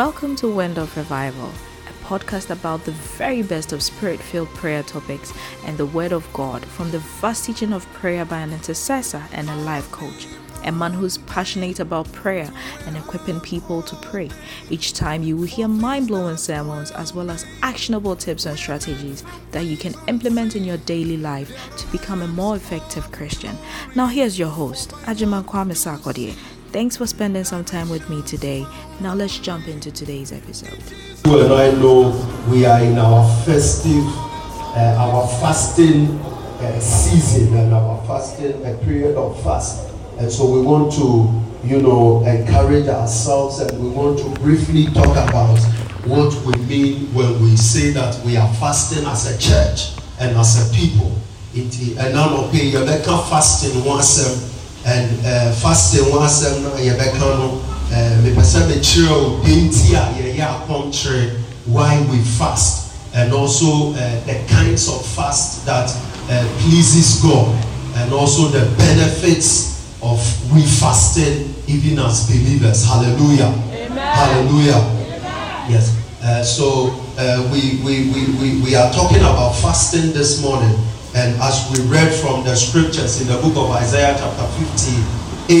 Welcome to Wind of Revival, a podcast about the very best of spirit filled prayer topics and the Word of God from the vast teaching of prayer by an intercessor and a life coach, a man who's passionate about prayer and equipping people to pray. Each time you will hear mind blowing sermons as well as actionable tips and strategies that you can implement in your daily life to become a more effective Christian. Now, here's your host, Ajima Kwame Sakodie Thanks for spending some time with me today. Now let's jump into today's episode. You and I know we are in our festive, uh, our fasting uh, season and our fasting, a period of fast. And so we want to, you know, encourage ourselves and we want to briefly talk about what we mean when we say that we are fasting as a church and as a people. It, and now, okay, you're fasting once. Um, and uh, fasting ho asɛm no a yɛbɛka no mepɛ sɛ mekyerɛ o denti a yɛyɛ why we fast and also uh, the kinds of fast that uh, pleases God and also the benefits of we fasting even as believers hallelujah Amen. hallelujah Amen. yes uh, so uh, we, we, we, we, we are talking about fasting this morning and as we read from the scriptures in the book of Isaiah chapter 58,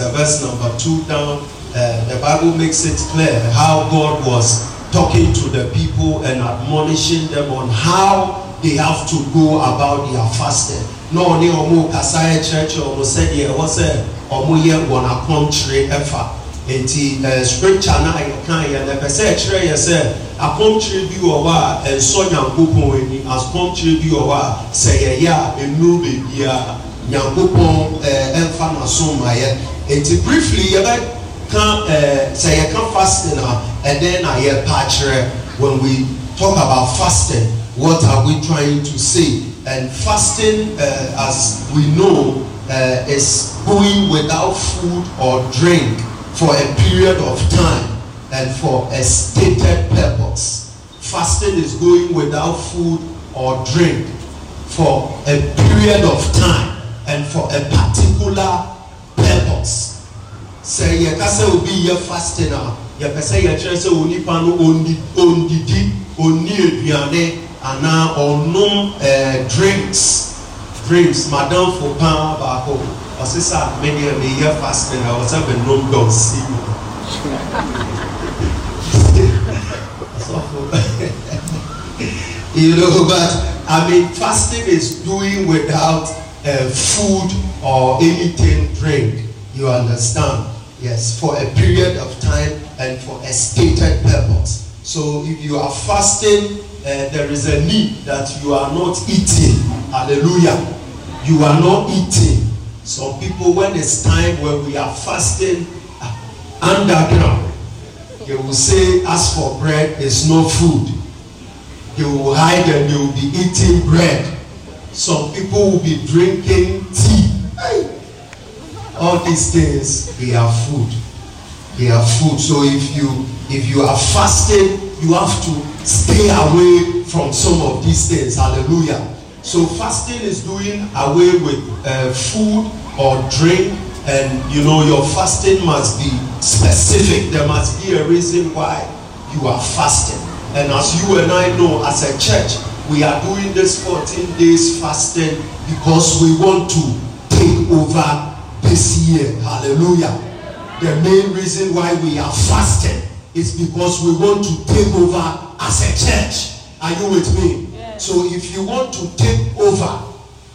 the verse number 2 down, uh, the Bible makes it clear how God was talking to the people and admonishing them on how they have to go about their fasting. No, only Omo Kasaya Church, Omo said, yeah, what's it? Omo ye wanna country effort. nti ɛɛ eh, scripture na yɛka yɛ no ɛpɛ sɛ ɛkyerɛ yɛ sɛ akɔmkyerɛ bi wɔ hɔ a ɛnsɔ nyankopɔn ani akɔmkyerɛ bi wɔ hɔ a sɛ yɛyɛ a ɛnuru beebi a nyankopɔn ɛɛ eh, ɛmfa n'aso ma yɛ nti briefly yɛbɛka ɛɛ eh, sɛ yɛka fasting a ɛdɛn na yɛpa akyerɛ when we talk about fasting what are we trying to say and fasting uh, as we know uh, is going without food or drink for a period of time and for a stated purpose. Fasting is going without food or drink for a period of time and for a particular purpose. Sɛ yɛ kasa obi yɛ fasting a yɛpɛ sɛ yɛkyerɛ sɛ onipa no ondidi oni eduane anaa ɔnom ɛɛ eh, drinks drinks madamfo paa baako. ɔsi sɛ mɛni ɛmi yɛ fasting a ɔsɛ mɛ nom dɔ si mu you know but i mean fasting is doing without uh, food or anything drink you understand yes for a period of time and for a stated purpose so if you are fasting uh, there is a need that you are not eating hallelujah you are not eating Some people, when it's time when we are fasting ah, underground, they will say, "Ask for bread, there's no food. They will hide and they will be eating bread. Some people will be drinking tea. Hey. All these things, they are food. They are food. So if you if you are fasting, you have to stay away from some of these things. Hallelujah. So fasting is doing away with uh, food or drink and you know your fasting must be specific. There must be a reason why you are fasting. And as you and I know as a church, we are doing this 14 days fasting because we want to take over this year. Hallelujah. The main reason why we are fasting is because we want to take over as a church. Are you with me? So if you want to take over,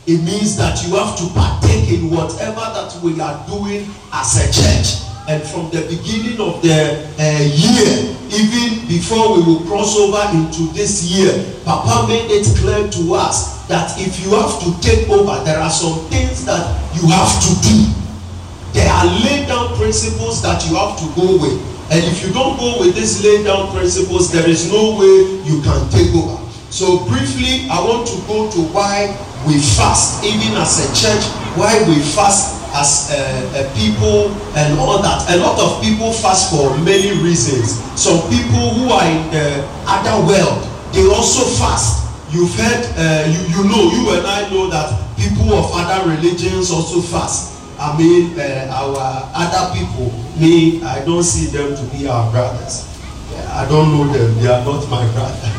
it means that you have to partake in whatever that we are doing as a church. And from the beginning of the uh, year, even before we will cross over into this year, Papa made it clear to us that if you have to take over, there are some things that you have to do. There are laid down principles that you have to go with. And if you don't go with these laid down principles, there is no way you can take over. So briefly, I want to go to why we fast, even as a church, why we fast as a, uh, a people and all that. A lot of people fast for many reasons. Some people who are in the other world, they also fast. You've heard, uh, you, you know, you and I know that people of other religions also fast. I mean, uh, our other people, me, I don't see them to be our brothers. I don't know them, they are not my brothers.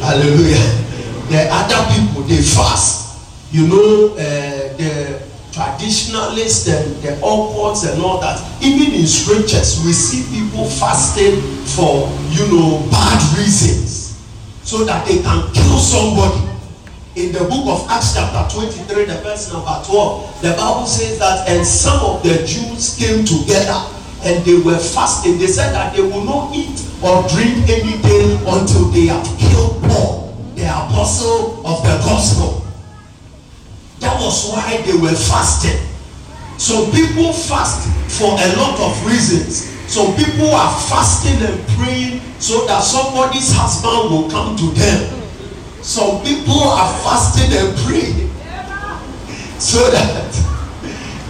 hallelujah the other people dey fast you know uh, the traditionalists and the occults and all that even in scriptures we see people fasting for you know bad reasons so that they can kill somebody in the book of acts chapter twenty-three the verse number twelve the bible says that and some of the jews came together and they were fasting they said that they will not eat or drink any day until they have killed Paul, the apostle of the gospel. That was why they were fasting. So people fast for a lot of reasons. So people are fasting and praying so that somebody's husband will come to them. Some people are fasting and praying so that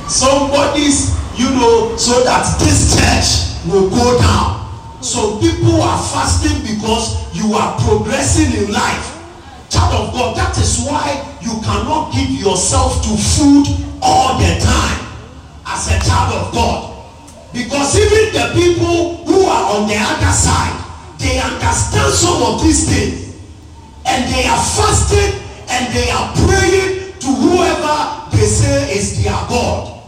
somebody's, you know, so that this church will go down. Some people are fasting because you are progressing in life. Child of God, that is why you cannot give yourself to food all the time as a child of God. Because even the people who are on the other side, they understand some of these things. And they are fasting and they are praying to whoever they say is their God.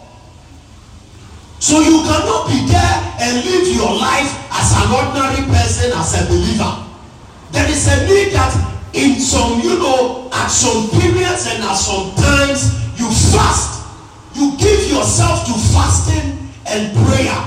So you cannot be there and live your life as an ordinary person, as a believer. There is a need that in some, you know, at some periods and at some times, you fast. You give yourself to fasting and prayer.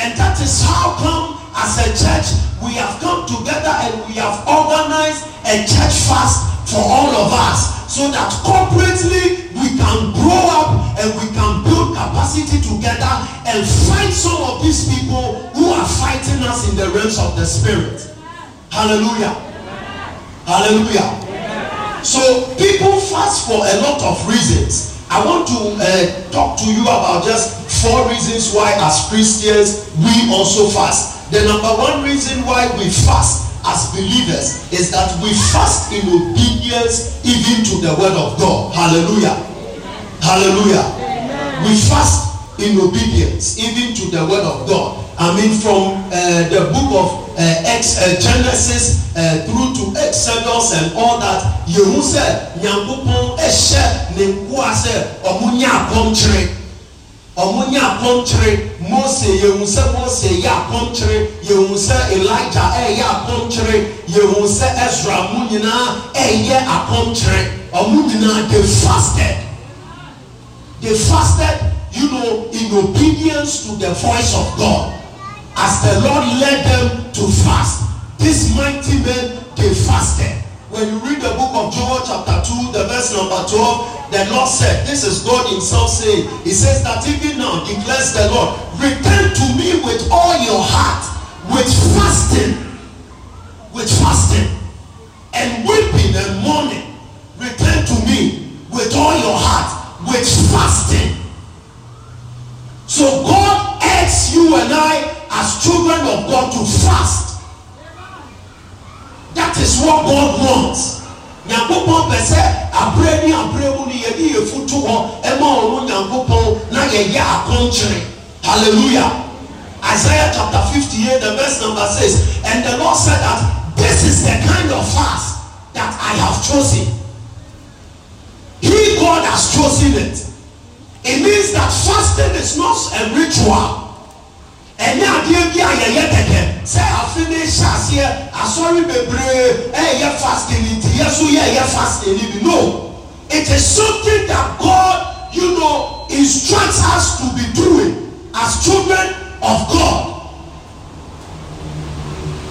And that is how come as a church we have come together and we have organized a church fast for all of us so that corporately we can grow up and we can build capacity together and fight some of these people who are fighting us in the realms of the spirit. Hallelujah. Hallelujah. So people fast for a lot of reasons. I want to uh, talk to you about just four reasons why as Christians we also fast. The number one reason why we fast as believers is that we fast in obedience even to the word of God. Hallelujah. Hallelujah. Amen. We fast in obedience even to the word of God. I mean, from uh, the book of uh, Ex uh, Genesis uh, through to Exodus and all that, Yehu said, Nyankopon ẹ̀ṣẹ̀ ní nkú àṣẹ wɔn nyɛ akɔnkyere mose yehu sɛ mose yɛ akɔnkyere yehu sɛ elija ɛyɛ e akɔnkyere yehu sɛ ezra mu nyinaa ɛyɛ e akɔnkyere wɔn nyinaa dey fasted dey fasted you know in obedience to the voice of god as the lord led them to fast this mighty men dey fasted When you read the book of Joel chapter 2, the verse number 12, the Lord said, this is God himself saying, he says that even now declares the Lord, return to me with all your heart, with fasting, with fasting, and weeping and mourning. Return to me with all your heart, with fasting. So God asks you and I as children of God to fast is what God wants nyankopɔn pɛ sɛ abere ne abere mu no yɛde yɛ futu hɔ ɛma ɔno nyankopɔn na yɛyɛ akɔnkyere hallelujah isaiah chapter fifty eight the verse number six and the lord said that this is the kind of fast that i have chosen he god has chosen it it means that fasting is not a ritual ɛnyɛ adeɛ bi a yɛyɛ tɛtɛ sɛ afi ne hyɛ aseɛ asɔre bebree ɛyɛ fasting nti yɛ so yɛyɛ fasting ni bi no it is something that God you know instructs us to be doing as children of God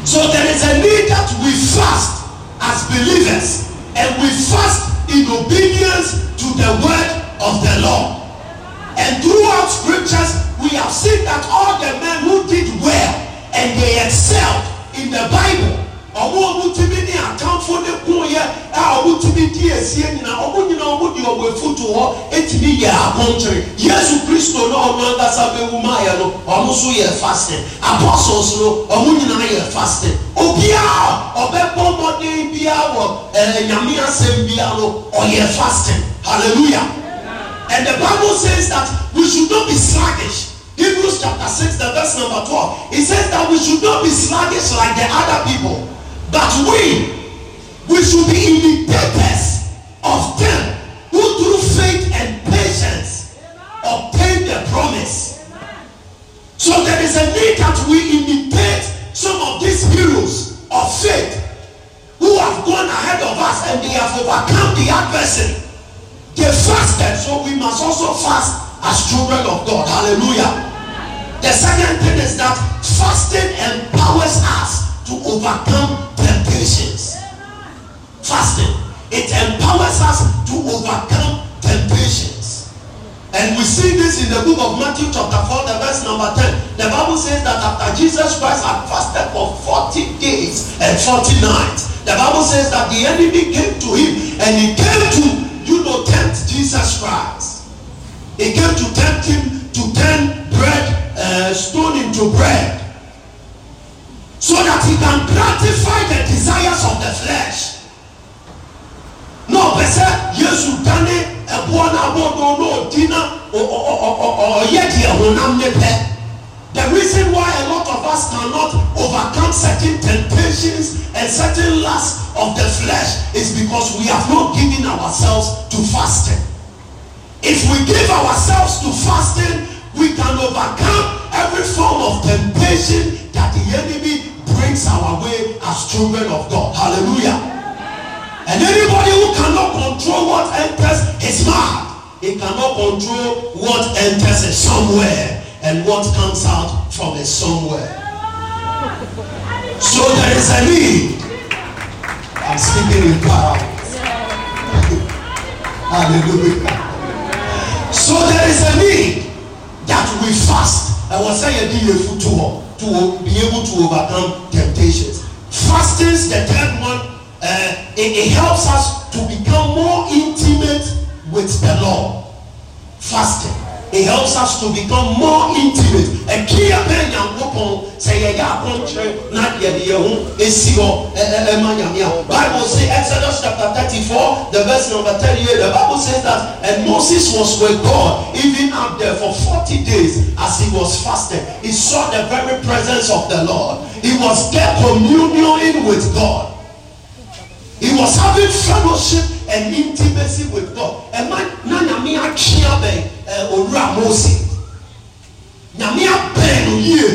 so there is a need that we fast as believers and we fast in obedience to the word of the Lord. And throughout scriptures, we have seen that all the men who did well and they excelled in the Bible. Ọmọ ọmọ ti mi ní àtànfó ní kún yẹ ẹ ọmọ ti mi di èsì ẹ nyina ọmọ nyina ọmọ di ọmọ efutu họ eti mi yẹ akọnkyere Yesu Kristo náà ọmọ ankasa bẹwu máa yẹ no ọmọ so yẹ fasting apostles no ọmọ nyina yẹ fasting obiara ọbẹ bọ ọmọdé biara wọ ẹ nyàmíyàsẹ biara no ọ yẹ fasting hallelujah. And the Bible says that we should not be sluggish. Hebrews chapter 6, the verse number 12. It says that we should not be sluggish like the other people, but we, we should be imitators of them who through faith and patience obtain the promise. So there is a need that we imitate some of these heroes of faith who have gone ahead of us and they have overcome the adversary. They fasted, so we must also fast as children of God. Hallelujah. The second thing is that fasting empowers us to overcome temptations. Fasting. It empowers us to overcome temptations. And we see this in the book of Matthew chapter 4, the verse number 10. The Bible says that after Jesus Christ had fasted for 40 days and 40 nights, the Bible says that the enemy came to him and he came to tribes. He came to tempt him to turn bread, uh, stone into bread. So that he can gratify the desires of the flesh. na ọbẹ sẹ yesu dani ẹbọ na abọdọ na ọdi na ọyẹ di ẹhunam the reason why a lot of us cannot overcome certain temptations and certain lusts of the flesh is because we have not given ourselves to fasting. If we give ourselves to fasting, we can overcome every form of temptation that the enemy brings our way as children of God. Hallelujah. And anybody who cannot control what enters his mind, he cannot control what enters his somewhere and what comes out from his somewhere. So there is a need. I'm speaking in power. Hallelujah. yɛde yefu to hɔ to be able to overcome temptations fastings the third one uh, it, it helps us us to become more intimate ɛkia bɛn nyankopɔn sɛ yɛyɛ akɔnkyerɛ na yɛde yɛn ho e hɔ ɛma nyame a bible say exodus chapter thirty four the verse number thirty eight the bible says that and moses was with god even up there for forty days as he was fasting he saw the very presence of the lord he was there communing with god he was having fellowship and intimacy with god ɛma na nyame akyia bɛn. ẹ owura mose nyame abẹn no yie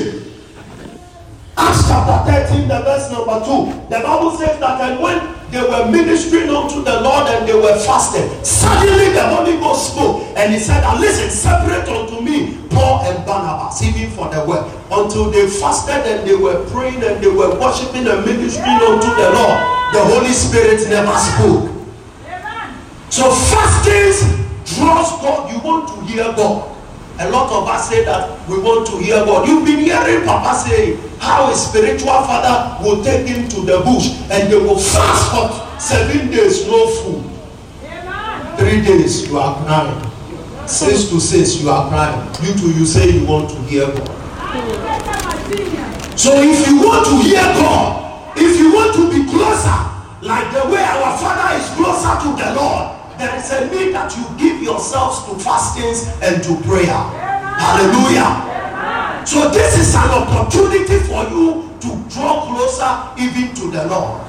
acts chapter thirteen the verse number two the bible says that and when they were ministering unto the lord and they were fasting suddenly the holy ghost spoke and he said that listen separate unto me Paul and Barnabas, even for the work, until they fasted and they were praying and they were worshiping and ministering unto the Lord. The Holy Spirit never spoke. So fastings trust God, you want to hear God. A lot of us say that we want to hear God. You've been hearing Papa say how a spiritual father will take him to the bush and they will fast for seven days, no food. Three days, you are crying. Six to six, you are crying. You two, you say you want to hear God. So if you want to hear God, if you want to be closer, like the way our father is closer to the Lord, There is a need that you give yourselves to fastings and to prayer. Hallelujah. So this is an opportunity for you to draw closer even to the Lord.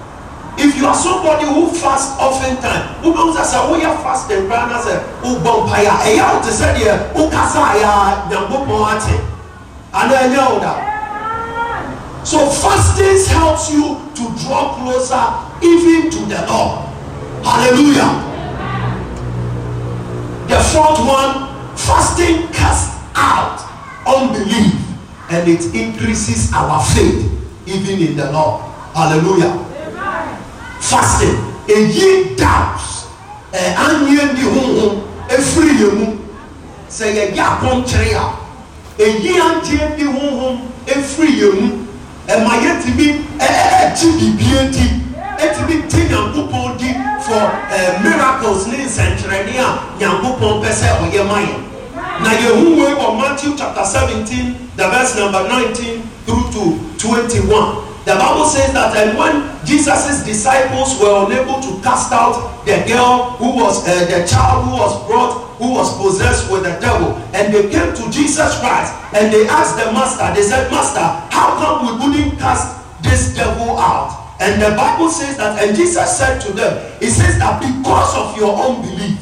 If you are somebody who fasts oftentimes, who knows as a who you fast and brand as a who bomb fire, a yard to say, who casa ya, Nambopoate, and a yard. So fastings helps you to draw closer even to the Lord. Hallelujah fourth one fasting casts out unbelief and it increases our faith even in the Lord hallelujah Amen. fasting èyí doubts ẹ̀ ányé ní huhu efiri yẹn mu sẹ yẹ yẹ akọ́nkyerẹ́ a èyí ányé ní huhu efiri yẹn mu ẹ̀ ma yẹ ti bi ẹ̀ ẹ̀ ẹ̀ ti bìbí ẹ̀ ti etumi gye nyankopɔn di for ɛɛ eh, miracles ne nsɛnkyerɛnne a nyankopɔn pɛ sɛ ɔyɛ ma yɛ na yehu wei wɔ matthew chapter seventeen the verse number nineteen through to twenty-one the bible says that and when jesus' disciples were unable to cast out the girl who was uh, the child who was brought who was possessed with the devil and they came to jesus christ and they asked the master they said master how come we couldn't cast this devil out And the Bible says that, and Jesus said to them, He says that because of your unbelief.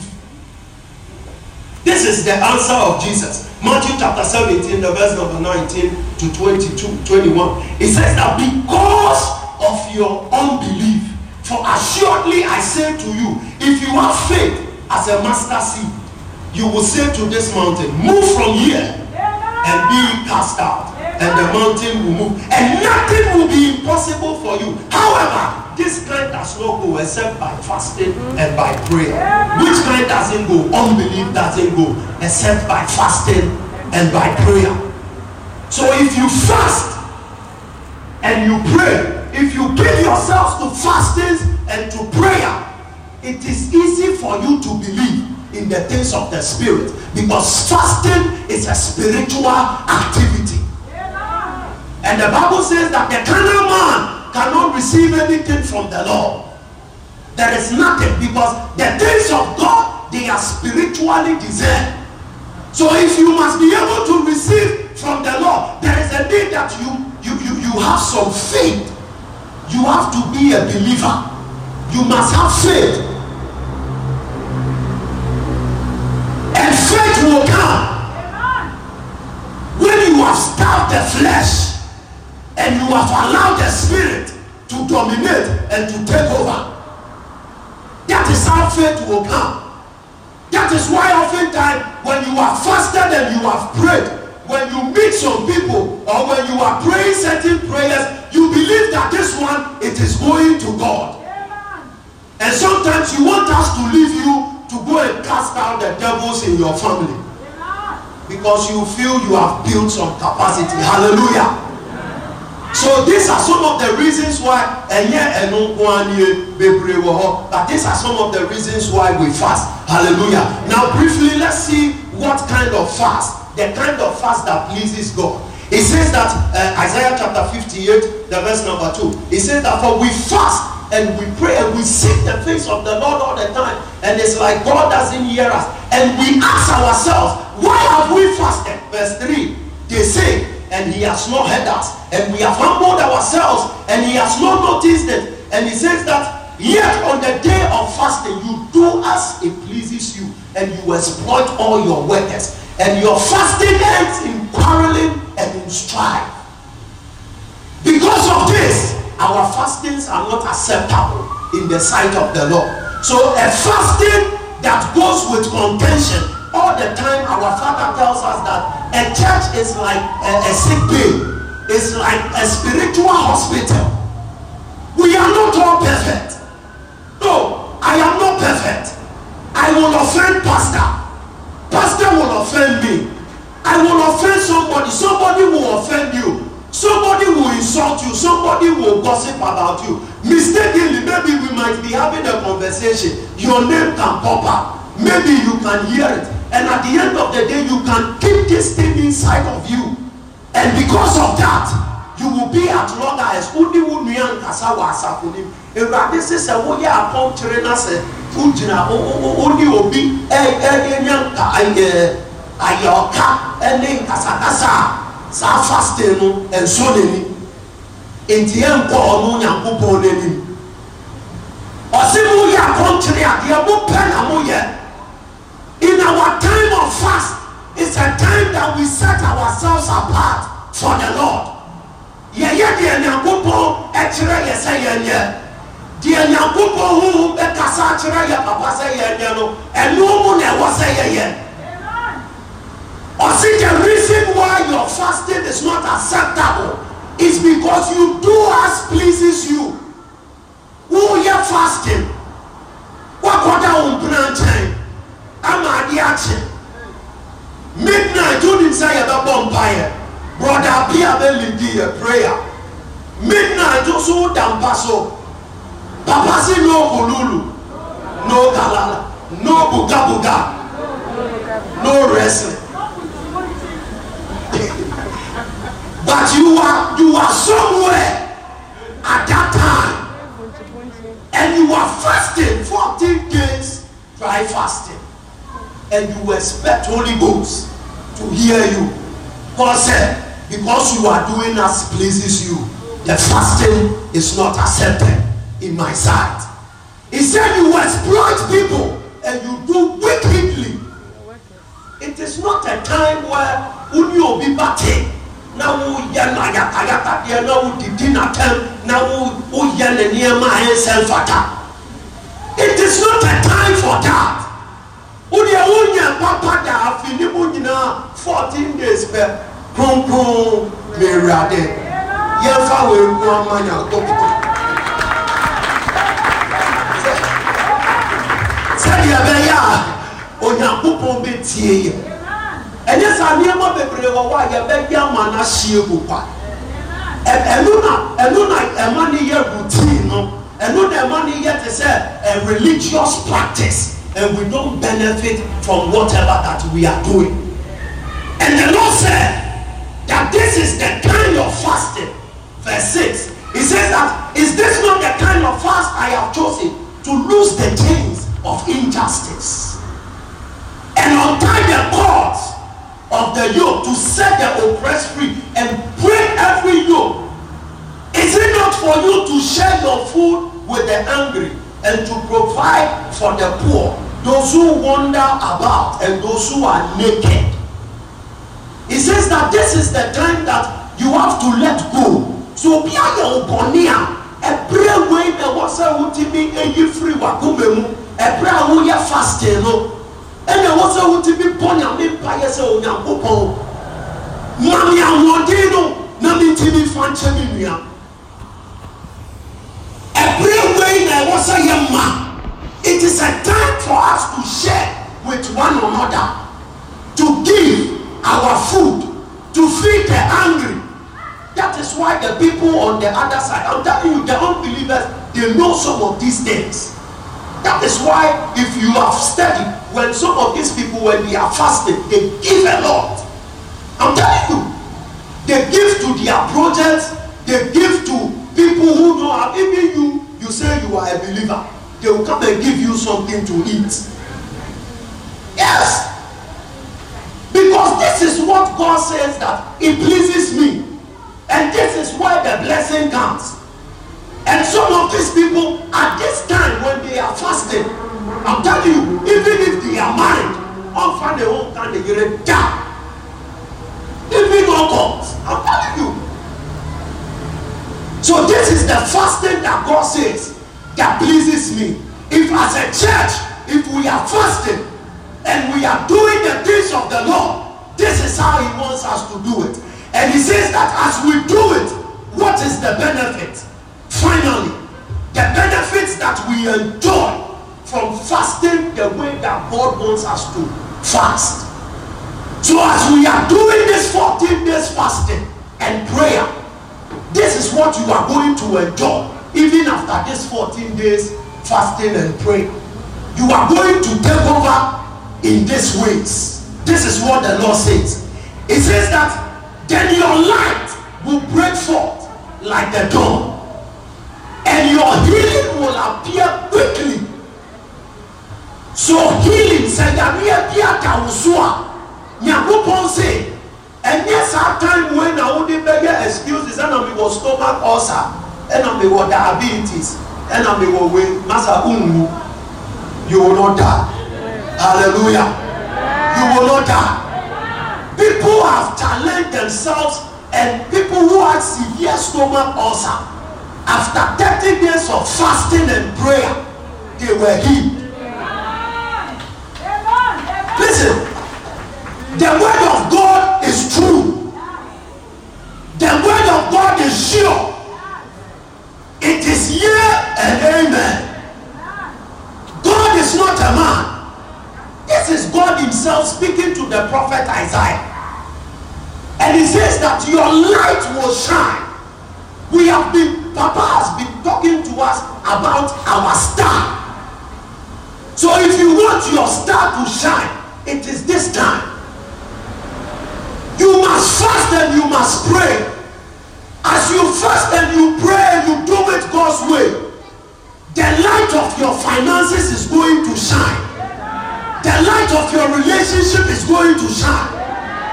This is the answer of Jesus. Matthew chapter 17, the verse number 19 to 22, 21. It says that because of your unbelief, for assuredly I say to you, if you have faith as a master seed, you will say to this mountain, move from here and be cast out and the mountain will move and nothing will be impossible for you. However, this kind does not go except by fasting and by prayer. Which kind doesn't go? Unbelief doesn't go except by fasting and by prayer. So if you fast and you pray, if you give yourselves to fasting and to prayer, it is easy for you to believe in the things of the spirit because fasting is a spiritual activity. And the Bible says that the carnal man cannot receive anything from the Lord. There is nothing because the things of God, they are spiritually discerned. So if you must be able to receive from the Lord, there is a need that you, you, you, you have some faith. You have to be a believer. You must have faith have to allow the spirit to dominate and to take over. That is how faith will come. That is why oftentimes when you are faster than you have prayed, when you meet some people or when you are praying certain prayers, you believe that this one, it is going to God. Yeah, and sometimes you want us to leave you to go and cast out the devils in your family. Yeah, because you feel you have built some capacity. Hallelujah so these are some of the reasons why ẹ̀yẹ ẹ̀nu nkwanye bebree wọ họ but these are some of the reasons why we fast hallelujah now briefly let's see what kind of fast the kind of fast that pleases God he says that uh, Isaiah chapter fifty-eight the verse number two he says that for we fast and we pray and we seek the face of the Lord all the time and it's like God doesn't hear us and we ask ourselves why have we fasted verse three they say and he has not heard us, and we have humbled ourselves, and he has not noticed it. And he says that, yet on the day of fasting, you do as it pleases you, and you exploit all your workers, and your fasting ends in quarreling and in strife. Because of this, our fastings are not acceptable in the sight of the Lord. So a fasting that goes with contention all the time our father tells us that a church is like a, a sick bay. It's like a spiritual hospital. We are not all perfect. No, I am not perfect. I will offend pastor. Pastor will offend me. I will offend somebody. Somebody will offend you. Somebody will insult you. Somebody will gossip about you. Mistakenly, maybe we might be having a conversation. Your name can pop up. Maybe you can hear it. And at the end of the day, you can keep this thing inside of you. And because of that, you will be at loggerheads. Wúni wú nìyà nkasa wà asafo ni. Ewurade sísè wó yẹ akọ́nkyere n'asè wó gyina wó ní obi ẹ ẹ nyẹ nka ayẹ ayẹ ọka ẹne nkasakasa saa fasite no nso n'ani. Nti yẹn nkọ ọmọ nyankopɔ n'anim. Ọsi mu yẹ akọ́nkyere adeɛ mo pẹ na mo yẹ in our time of fast is a time that we set ourselves apart for the lord yɛyɛ deɛ nyankopɔn ɛkyerɛ yɛ sɛ yɛnyɛ deɛ nyankopɔn honhom bɛkasa akyerɛ yɛ papa sɛ yɛnyɛ no ɛno na ɛwɔ sɛ yɛyɛ ɔsi the reason why your fasting is not acceptable is because you do as pleases you woyɛ fasting wakɔda wo mpena nkyɛn ama adeɛ akye midnight wonim sɛ yɛbɛbɔ mpaeɛ brɔda bi a bɛlidi yɛ prayer midnight so woda mpa so papa si no bululu no galala no bugabuga no wrestling but you are you are somewhere at that time and you are fasting fourteen days dry fasting and you expect Holy books to hear you. God said, because you are doing as pleases you, the fasting is not accepted in my sight. He said you exploit people and you do wickedly. It is not a time where uni obi bate na wo yɛ na yatayata deɛ na wo didi na tɛm na wo wo yɛ ne nneɛma a yɛ nsɛm fata. It is not a time for that wọ́n yẹ wọ́n yẹ pápádà àfi nímú nyinaa fourteen days pẹ kúnkún mèrè adé yẹn fáwọn egun amanya ọtọkùtù. sẹ́ni ẹ bẹ́ yá onyankopɔn bɛ tie yɛ ɛnyɛ saa nneɛma bebree wɔ hɔ a yɛbɛyɛ ama n'ahyia mu kwa ɛnu na ɛnu na ɛma ne yɛ routine no ɛnu na ɛma ne yɛ te sɛ religious practice. and we don't benefit from whatever that we are doing. And the Lord said that this is the kind of fasting. Verse 6. He says that, is this not the kind of fast I have chosen to loose the chains of injustice and untie the cords of the yoke to set the oppressed free and break every yoke? Is it not for you to share your food with the hungry and to provide for the poor? those who wander about and those who are naked. He says that this is the time that you have to let go. So be a yogonia. a prayer ẹ̀ wọ́n sẹ́ wọ́n ti bí eyi firi wà gómẹ̀ mu. Ẹ̀pẹ̀rẹ̀ àwọn yẹ fasting no. Ẹ̀nà wọ́n sẹ́ wọ́n ti bí bọ́ ní àmì mpa yẹ sẹ́ wọ́n yàn kó na mi ti bí fa nkyẹn mi nìyà. Ẹ̀pẹ̀rẹ̀ wo ẹ̀ wọ́n sẹ́ yẹ It is a time for us to share with one another, to give our food, to feed the hungry. That is why the people on the other side, I'm telling you, the unbelievers, they know some of these things. That is why, if you have studied, when some of these people, when they are fasting, they give a lot. I'm telling you, they give to their projects, they give to people who know, even you, you say you are a believer they will come and give you something to eat. Yes. Because this is what God says that it pleases me. And this is why the blessing comes. And some of these people at this time when they are fasting, I'm telling you, even if they are married, often they won't can they will die. Even God, I'm telling you. So this is the fasting that God says. that pleases me. If as a church, if we are fasting and we are doing the things of the Lord, this is how he wants us to do it. And he says that as we do it, what is the benefit? Finally, the benefits that we enjoy from fasting the way that God wants us to fast. So as we are doing this 14 days fasting and prayer, this is what you are going to enjoy. even after these 14 days fasting and praying you are going to take over in these ways this is what the lord says he says that then your light will break forth like the dawn and your healing will appear quickly so healing sɛ nyameɛ bi ada wo so a nyankopɔn se ɛnyɛ saa time wei na wode bɛyɛ excuse sɛ na mewɔ stomach ulcer ɛna mewɔ diabetes ɛna mewɔ we masa unwu you will not die hallelujah you will not die people have challenged themselves and people who had severe stomach ulcer after thirty days of fasting and prayer they were healed listen the word of God is true the word of God is sure. your light will shine. We have been, Papa has been talking to us about our star. So if you want your star to shine, it is this time. You must fast and you must pray. As you fast and you pray, you do it God's way. The light of your finances is going to shine. The light of your relationship is going to shine.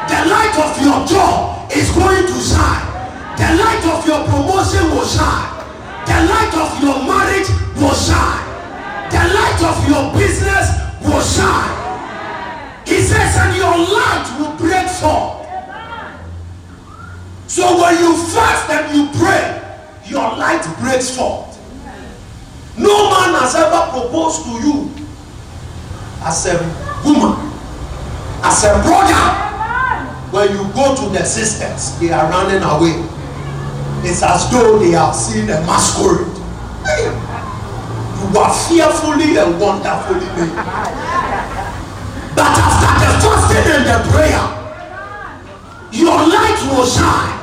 The light of your job is going to shine. The light of your promotion will shine. The light of your marriage will shine. The light of your business will shine. He says, and your light will break forth. So when you fast and you pray, your light breaks forth. No man has ever proposed to you as a woman, as a brother. When you go to the sisters, they are running away. It's as though they have seen a masquerade. You are fearfully and wonderfully made. But after the fasting and the prayer, your light will shine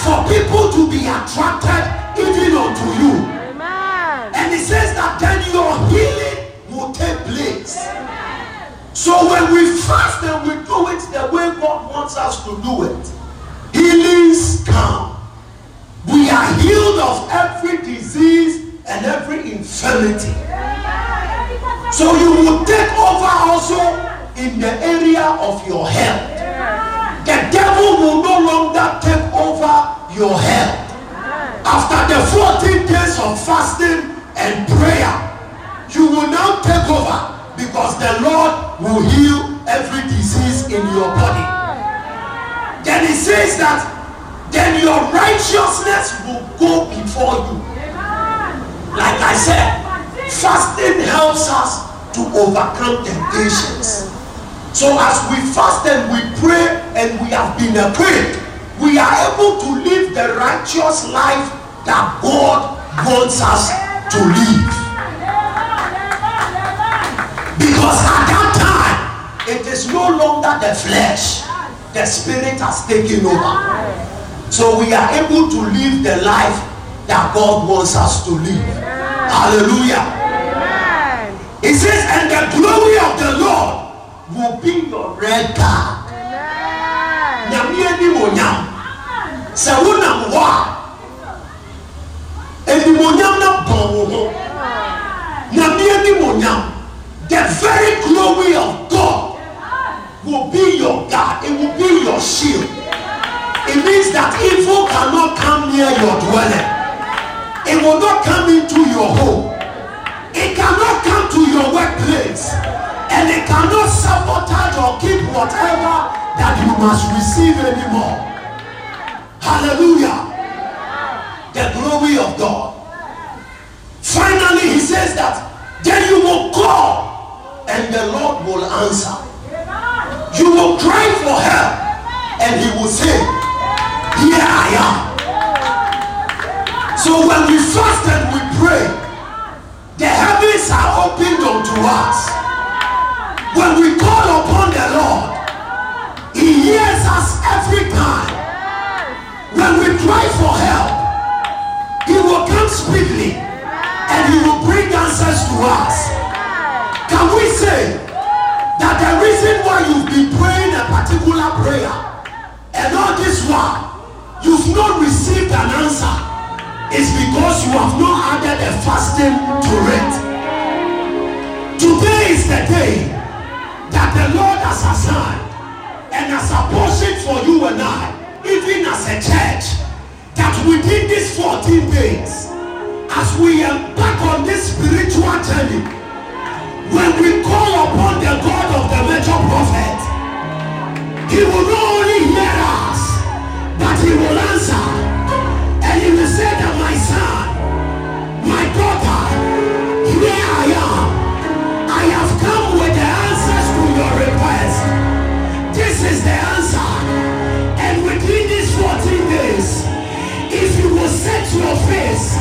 for people to be attracted even unto you. And it says that then your healing will take place. Amen. So when we fast and we do it the way God wants us to do it, healings come. We are healed of every disease and every infirmity. So you will take over also in the area of your health. The devil will no longer take over your health. After the 14 days of fasting and prayer, you will now take over because the Lord will heal every disease in your body. Then he says that then your righteousness will go before you. Like I said, fasting helps us to overcome temptations. So as we fast and we pray and we have been equipped, we are able to live the righteous life that God wants us to live. Because at that time, it is no longer the flesh. The spirit has taken over. So we are able to live the life that God wants us to live. Hallelujah. He says, and the glory of the Lord will be your red guard. Nyame no bɔn the very glory of God will be your God. It will be your shield. It means that evil cannot come near your dwelling. It will not come into your home. It cannot come to your workplace. And it cannot sabotage or keep whatever that you must receive anymore. Hallelujah. The glory of God. answer. You will cry for help and he will say, Here I am. So when we fast and we pray, the heavens are opened unto us. When we call upon the Lord, he hears us every time. When we cry for help, he will come speedily and he will bring answers to us. Can we say, that the reason why you've been praying a particular prayer and all this while you've not received an answer is because you have not added a fasting to it. Today is the day that the Lord has assigned and has apportioned for you and I, even as a church, that within these 14 days, as we embark on this spiritual journey, when we call upon the God of the major prophet, he will not only hear us, but he will answer. And he will say that my son, my daughter, here I am. I have come with the answers to your request. This is the answer. And within these 14 days, if you will set your face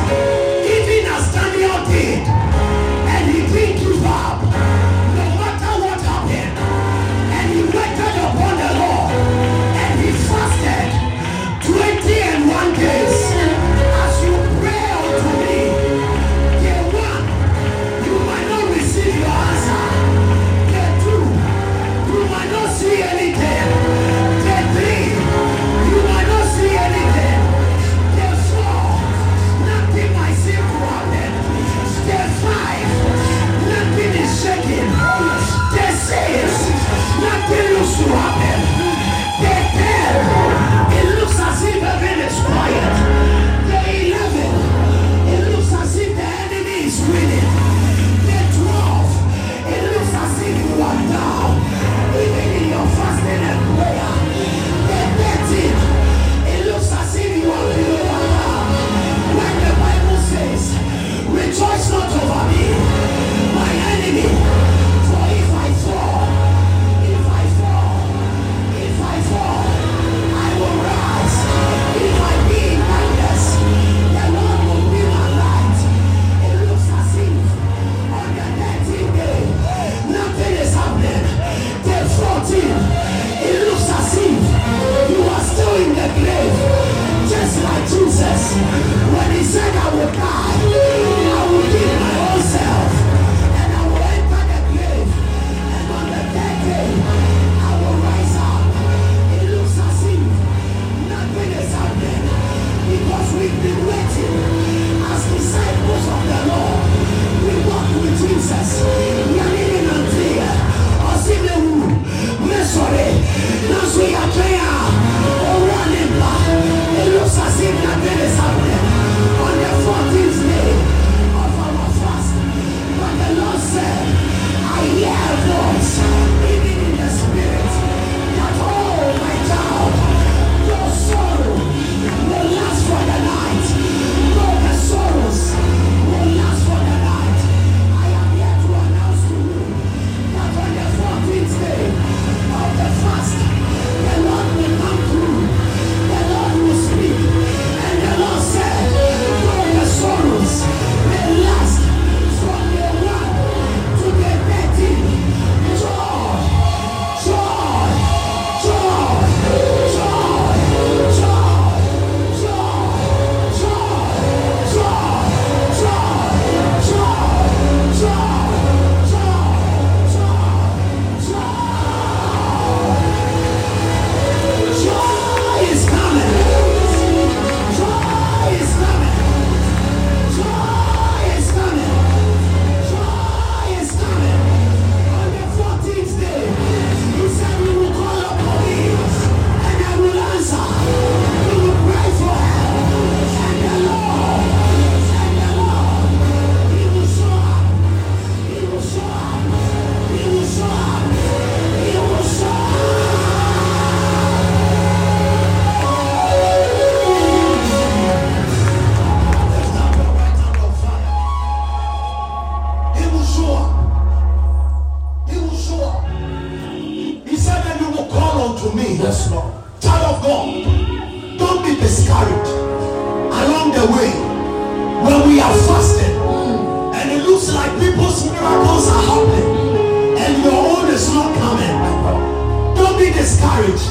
marriage.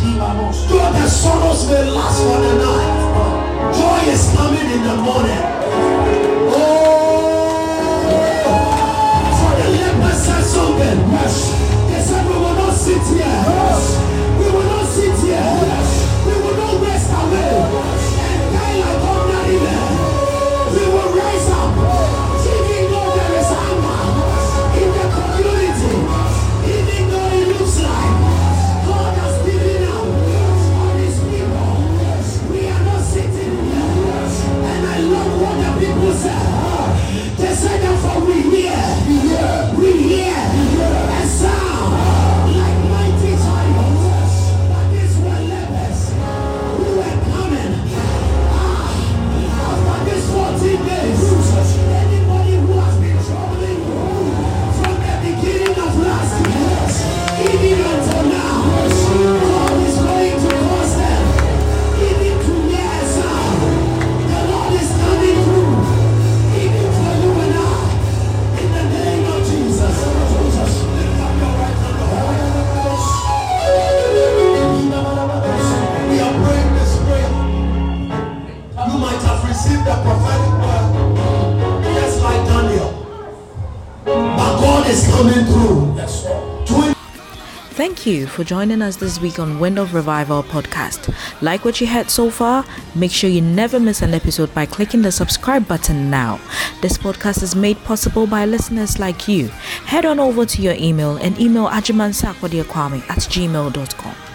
Though the sorrows may last for the night, joy is coming in the morning. Oh, for the leper said something. Yes. They said, We will not sit here. Thank you for joining us this week on Wind of Revival podcast. Like what you heard so far? Make sure you never miss an episode by clicking the subscribe button now. This podcast is made possible by listeners like you. Head on over to your email and email ajimansakwadiakwame at gmail.com.